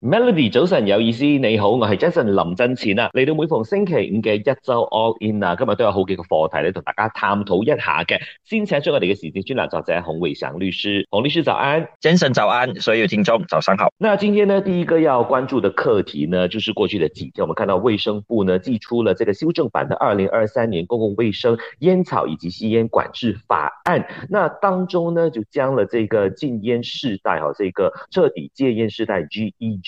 Melody 早晨有意思，你好，我是 Jason 林振前啊，嚟到每逢星期五嘅一周 All In 啊，今日都有好幾個課題咧同大家探討一下嘅。先請出我哋嘅時政專欄作者洪偉祥律師，洪律師早安，Jason 早安，所有聽眾早上好。那今天呢第一個要關注的課題呢，就是過去嘅幾天，我們看到衛生部呢寄出了這個修正版的二零二三年公共衛生煙草以及吸煙管制法案，那當中呢就將了這個禁煙世代，哈，這個徹底戒煙世代 GEG。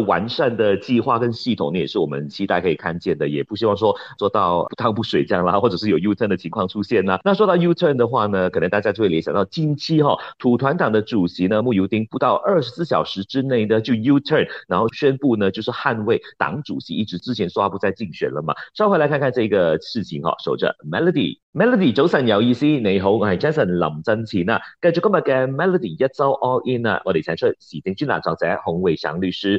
完善的計劃跟系統呢，也是我們期待可以看見的，也不希望說做到不湯不水這樣啦，或者是有 U turn 的情況出現啦。那說到 U turn 的話呢，可能大家就會聯想到近期哈、哦，土團黨的主席呢慕尤丁，不到二十四小時之內呢就 U turn，然後宣布呢就是捍衛黨主席，一直之前宣布不再競選了嘛。稍後來看看這個事情哈、哦。守着 Melody，Melody 早晨姚一 c 你好，我是 Jason 林曾前啊。繼續今日嘅 Melody 一周 All In 啊，我哋才是時政專欄作者洪偉祥律師。